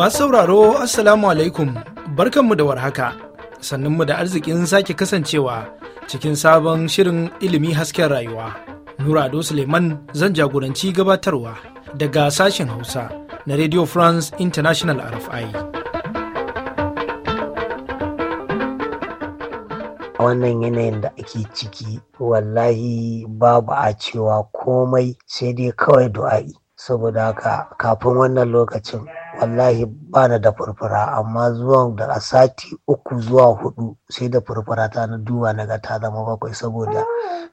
Masu sauraro Assalamu alaikum barkanmu da warhaka sannunmu da arzikin sake kasancewa cikin sabon shirin ilimi hasken rayuwa. Nurado Suleiman zan jagoranci gabatarwa daga sashen Hausa na Radio France International RFI. A wannan yanayin da ake ciki wallahi babu a cewa komai sai dai kawai du'a'i saboda haka kafin wannan lokacin wallahi bana da furfura amma zuwa daga sati uku zuwa hudu sai da furfura ta na duwa na ga ta zama bakwai saboda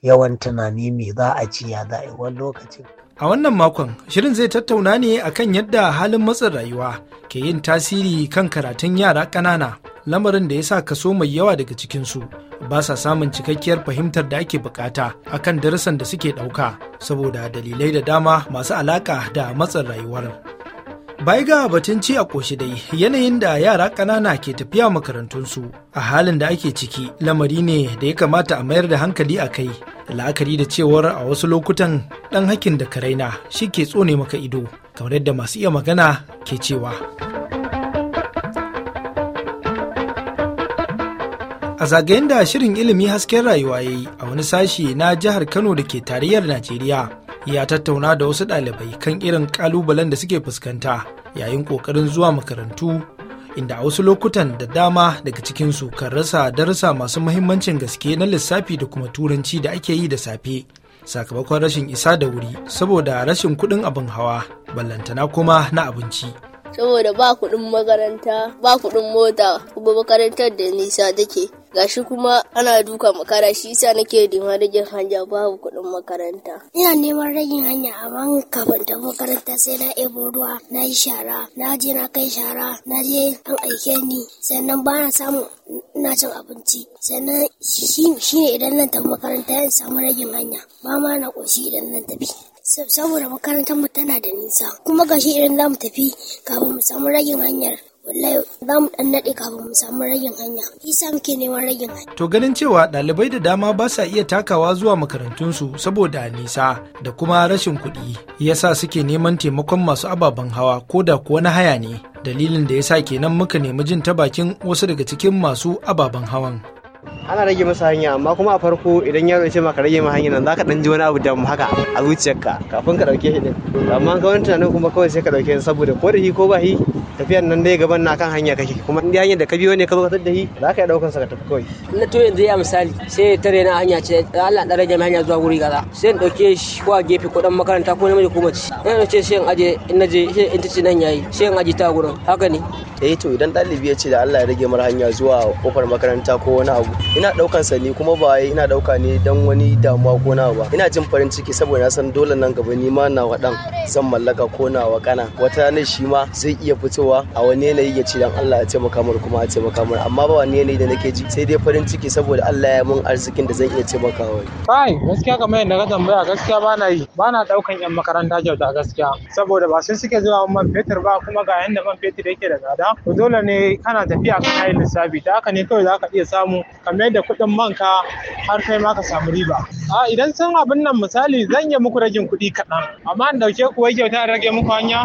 yawan tunani me za a ci ya za a wani lokacin. A wannan makon shirin zai tattauna ne akan yadda halin matsin rayuwa ke yin tasiri kan karatun yara ƙanana lamarin da ya sa kaso mai yawa daga cikinsu ba sa samun cikakkiyar fahimtar da ake bukata akan darussan da suke ɗauka saboda dalilai da dama masu alaƙa da matsin rayuwar. Bai ga batun ci a ƙoshi dai yanayin da yara ƙanana ke tafiya makarantunsu a halin da ake ciki lamari ne da ya kamata a mayar da hankali a kai la'akari da cewar a wasu lokutan ɗan hakin da karaina shi ke tsone maka ido kamar yadda masu iya magana ke cewa. A zagayen da shirin ilimi hasken rayuwa ya a wani sashi na jihar Kano da ke tarayyar Najeriya. ya tattauna da wasu ɗalibai kan irin ƙalubalen da suke fuskanta yayin ƙoƙarin zuwa makarantu inda a wasu lokutan da dama daga cikinsu kan rasa darasa masu mahimmancin gaske na lissafi da kuma turanci da ake yi da safe sakamakon rashin isa da wuri saboda rashin kuɗin abin hawa ballantana kuma na abinci saboda ba kuɗin makaranta ba kuɗin mota kuma makarantar da nisa take gashi kuma ana duka makara shi yasa nake nema rage hanya babu kuɗin makaranta ina neman ragin hanya amma kafin ta makaranta sai na ebo ruwa na yi shara na je na kai shara na je an aike ni sannan ba na samu ina cin abinci sannan shi ne idan nan tafi makaranta in samu ragin hanya ba ma na ƙoshi idan nan tafi saboda makarantar mu tana da nisa kuma gashi idan za mu tafi kafin mu samu ragin hanyar wallahi za mu dan nade kafin mu samu ragin hanya isa muke neman ragin hanya to ganin cewa dalibai da dama ba sa iya takawa zuwa makarantunsu saboda nisa da kuma rashin kuɗi yasa suke neman taimakon masu ababen hawa ko da kuwa na haya ne dalilin da yasa kenan muka nemi jin ta bakin wasu daga cikin masu ababen hawan ana rage masa hanya amma kuma a farko idan yaro ya ce maka rage ma hanya nan zaka dan ji wani abu da haka a zuciyarka kafin ka dauke shi din amma ka wani tunanin kuma kawai sai ka dauke shi saboda ko da shi ko ba shi tafiyar nan dai gaban na kan hanya kake kuma in hanyar da ka biyo ne ka zo ka tadda shi za ka iya daukan sa ka tafi kawai na to yanzu ya misali sai ya tare na hanya ce Allah dan rage hanya zuwa wuri kaza sai in dauke shi ko a gefe ko dan makaranta ko namiji ko mace ina ce sai in aje in naje sai in tace nan yayi sai in aje ta gurin haka ne eh to idan dalibi ya ce da Allah ya rage mar hanya zuwa kofar makaranta ko wani abu ina daukan sa ne kuma ba ina dauka ne dan wani damuwa ko nawa ba ina jin farin ciki saboda na san dole nan gaba ni ma nawa ɗan zan mallaka ko nawa kana wata ne shi ma zai iya fitowa a wani yanayi ya ce dan Allah ya taimaka mu kuma ya taimaka mu amma ba wani yanayi da nake ji sai dai farin ciki saboda Allah ya mun arzikin da zan iya taimaka wa kai gaskiya kamar yadda ka tambaya gaskiya ba na yi ba na daukan yan makaranta kyauta gaskiya saboda ba sai suke zuwa man fetur ba kuma ga yanda man fetur yake da tsada to dole ne kana tafiya kan hayin lissafi ta haka ne kawai za ka iya samu kamar mayar da kuɗin manka har kai ma ka samu riba a idan sun abin nan misali zan yi muku ragin kuɗi kaɗan amma in dauke ku wai kyauta rage muku hanya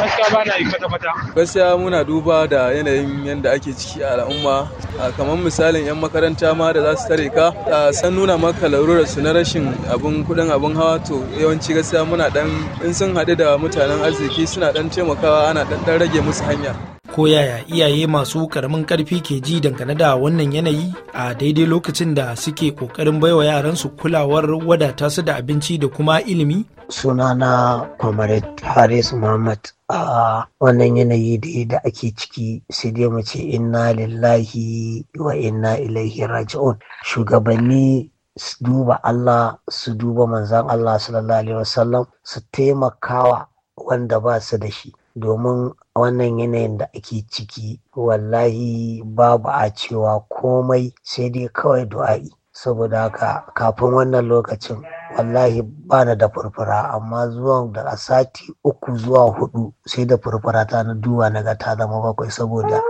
gaskiya ba na yi kwata-kwata gaskiya muna duba da yanayin yadda ake ciki a al'umma kamar misalin 'yan makaranta ma da za su tare ka san nuna maka larurar su na rashin abin kuɗin abin hawa to yawanci gaskiya muna ɗan in sun haɗu da mutanen arziki suna dan taimakawa ana ɗan rage musu hanya ko yaya iyaye masu karamin karfi ke ji dangane da wannan yanayi a daidai lokacin da suke kokarin baiwa yaransu kulawar wadata su da abinci da kuma ilimi sunana comrade haris muhammad a wannan yanayi da da ake ciki sai dai mu ce inna lillahi wa inna ilaihi raji'un shugabanni su duba Allah su duba manzan Allah sallallahu alaihi wasallam su taimakawa wanda ba su da shi domin a wannan yanayin da ake ciki wallahi babu a cewa komai sai dai kawai du'a'i saboda haka kafin wannan lokacin wallahi ba na da furfura amma zuwa da a sati uku zuwa hudu sai da furfura ta na duwa, na ga ta zama bakwai saboda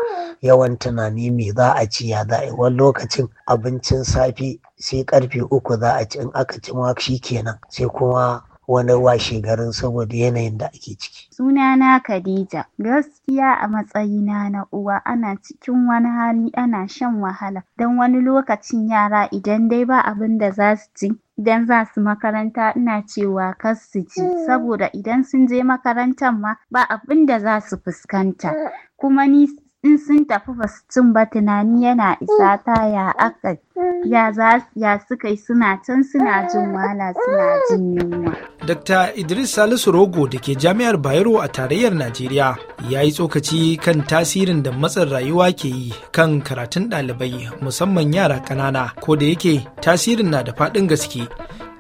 yawan tunani me za a ci ya za a wani lokacin abincin safe sai karfe uku za a ci in aka ci ma shi kenan sai kuma wani washe garin saboda yanayin da ake ciki. Sunana Khadija, gaskiya a matsayina na uwa ana cikin wani hali ana shan wahala don wani lokacin yara idan dai ba abin da za su ci idan za su makaranta ina cewa kar su ci saboda idan sun je makarantar ma ba abin da za su fuskanta kuma ni in sun tafi ba su cin ba tunani yana isa ta ya aka ya suka yi suna can suna jin wala suna jin yunwa. Dr. Idris Salisu Rogo da ke Jami'ar Bayero a tarayyar Najeriya ya yi tsokaci kan tasirin da matsin rayuwa ke yi kan karatun ɗalibai musamman yara ƙanana ko da yake tasirin na da faɗin gaske.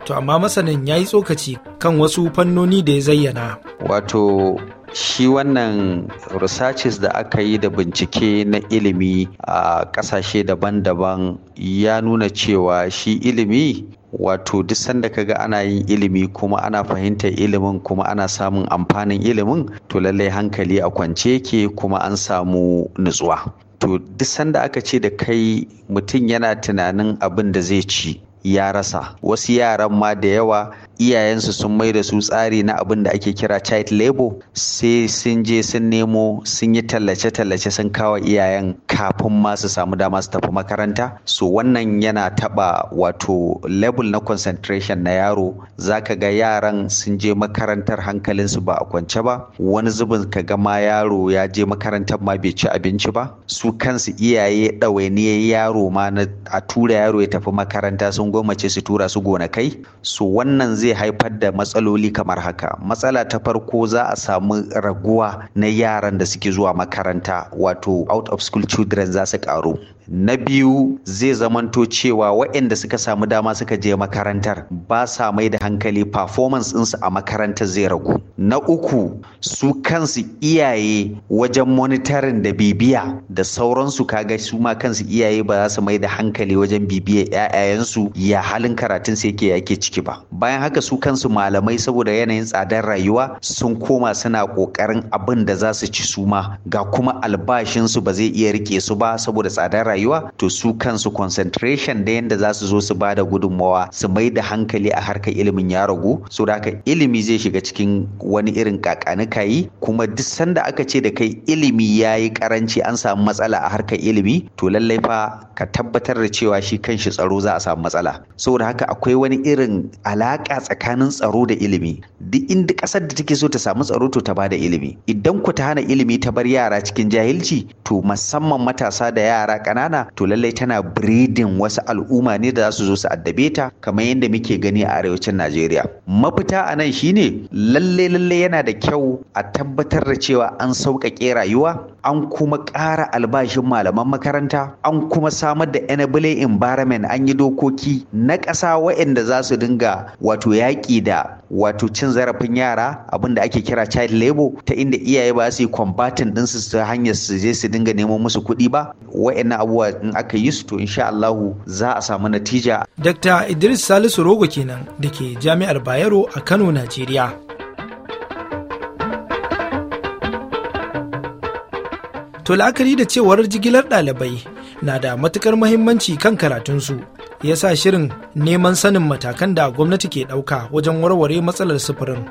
To amma masanin ya yi tsokaci kan wasu fannoni da ya zayyana. Wato shi wannan researches da aka yi da bincike na ilimi a ƙasashe daban-daban ya nuna cewa shi ilimi wato duk sanda kaga ana yin ilimi kuma ana fahimtar ilimin kuma ana samun amfanin ilimin to lallai hankali a kwance yake kuma an samu nutsuwa to duk sanda aka ce da kai mutum yana tunanin abin da zai ci ya rasa wasu yaran ma da yawa iyayensu sun mai da su tsari na abin da ake kira child labor sai sun je sun nemo sun yi tallace-tallace sun kawo iyayen kafin ma samu dama su tafi makaranta so wannan yana taba wato level na concentration na yaro zaka ga yaran sun je makarantar hankalinsu ba a kwance ba wani zubin ka ga ma yaro ya je makarantar ma bai ci abinci ba su kansu iyaye ɗawainiyar yaro ma a tura yaro ya tafi makaranta sun gwamace su tura su gonakai so wannan zai zai haifar da matsaloli kamar haka matsala ta farko za a samu raguwa na yaran da suke zuwa makaranta wato out of school children za su karu na biyu zai zamanto cewa waɗanda suka samu dama suka je makarantar ba sa mai da hankali performance ɗinsu a makarantar zai ragu na uku su kansu iyaye wajen monitoring da bibiya da sauransu kaga su ma kansu iyaye ba za su mai da hankali wajen bibiyar 'ya'yayensu ya halin karatun su yake yake ciki ba bayan haka su kansu malamai saboda yanayin tsadar rayuwa sun koma suna ƙoƙarin abin da za su ci su ma ga kuma albashinsu ba zai iya rike su ba saboda tsadar rayuwa to su kansu concentration da yanda za su zo su ba da gudunmawa su mai da hankali a harkar ilimin ya ragu so da ilimi zai shiga cikin wani irin kakanikayi kuma duk sanda aka ce da kai ilimi ya yi karanci an samu matsala a harkar ilimi to lallai fa ka tabbatar da cewa shi kanshi tsaro za a samu matsala saboda haka akwai wani irin alaƙa tsakanin tsaro da ilimi duk inda kasar da take so ta samu tsaro to ta bada ilimi idan ku ta hana ilimi ta bar yara cikin jahilci to musamman matasa da yara kana. ƙanana to lallai tana biredin wasu al'umma ne da za su zo su addabe ta kamar yadda muke gani a arewacin Najeriya mafita a nan shine lallai lallai yana da kyau a tabbatar da cewa an sauƙaƙe rayuwa an kuma ƙara albashin malaman makaranta an kuma samar da enabling environment an yi dokoki na ƙasa waɗanda za su dinga wato yaƙi da wato cin zarafin yara abin da ake kira child labor ta inda iyaye ba su yi combatin din su ta hanyar su je su dinga nemo musu kuɗi ba wa'annan abubuwa in aka yi su to insha Allah za a samu natija. Dr. Idris Salisu Rogo kenan da ke Jami'ar Bayero a Kano, Najeriya. To la'akari da cewar jigilar ɗalibai na da matukar muhimmanci kan karatunsu. ya sa shirin neman sanin matakan da gwamnati ke ɗauka wajen warware matsalar sufurin.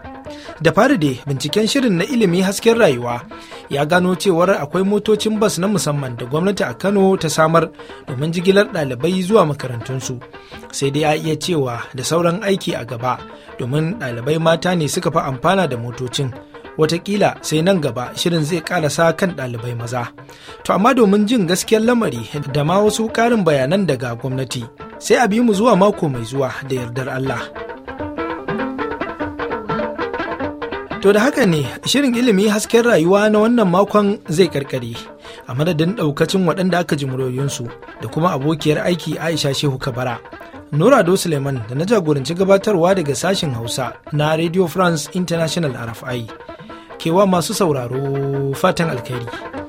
Da fari dai binciken shirin na ilimi hasken rayuwa ya gano cewar akwai motocin bas na musamman da gwamnati a Kano ta samar domin jigilar ɗalibai zuwa makarantunsu. Sai dai a iya cewa da sauran aiki a gaba domin ɗalibai mata ne suka fi amfana da motocin. Wataƙila, sai nan gaba shirin zai ƙarasa kan ɗalibai maza. To amma domin jin gaskiyar lamari da ma wasu ƙarin bayanan daga gwamnati sai a mu zuwa mako mai zuwa da yardar Allah. To da haka ne shirin ilimi hasken rayuwa na wannan makon zai karkare a madadin ɗaukacin waɗanda aka ji muryoyinsu da kuma abokiyar aiki Aisha Shehu Kabara. Nura Do Suleiman da na jagoranci gabatarwa daga sashen Hausa na Radio France International RFI. Kewa masu sauraro fatan alkhairi.